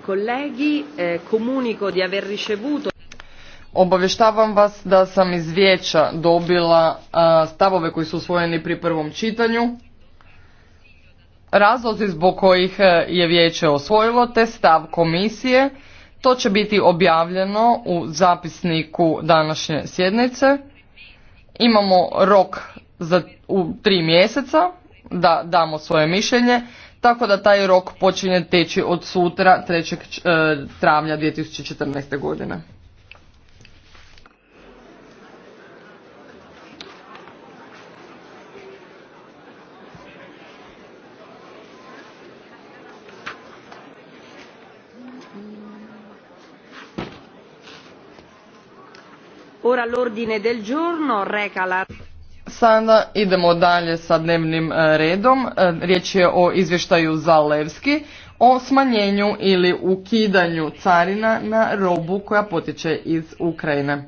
Kolegi, comunico eh, di aver ricevuto... Obavještavam vas da sam iz vijeća dobila eh, stavove koji su usvojeni pri prvom čitanju razlozi zbog kojih e, je vijeće osvojilo te stav komisije. To će biti objavljeno u zapisniku današnje sjednice. Imamo rok za, u tri mjeseca da damo svoje mišljenje, tako da taj rok počinje teći od sutra 3. E, travnja 2014. godine. Ora l'ordine del Sada idemo dalje sa dnevnim e, redom. E, riječ je o izvještaju za Levski o smanjenju ili ukidanju carina na robu koja potiče iz Ukrajine.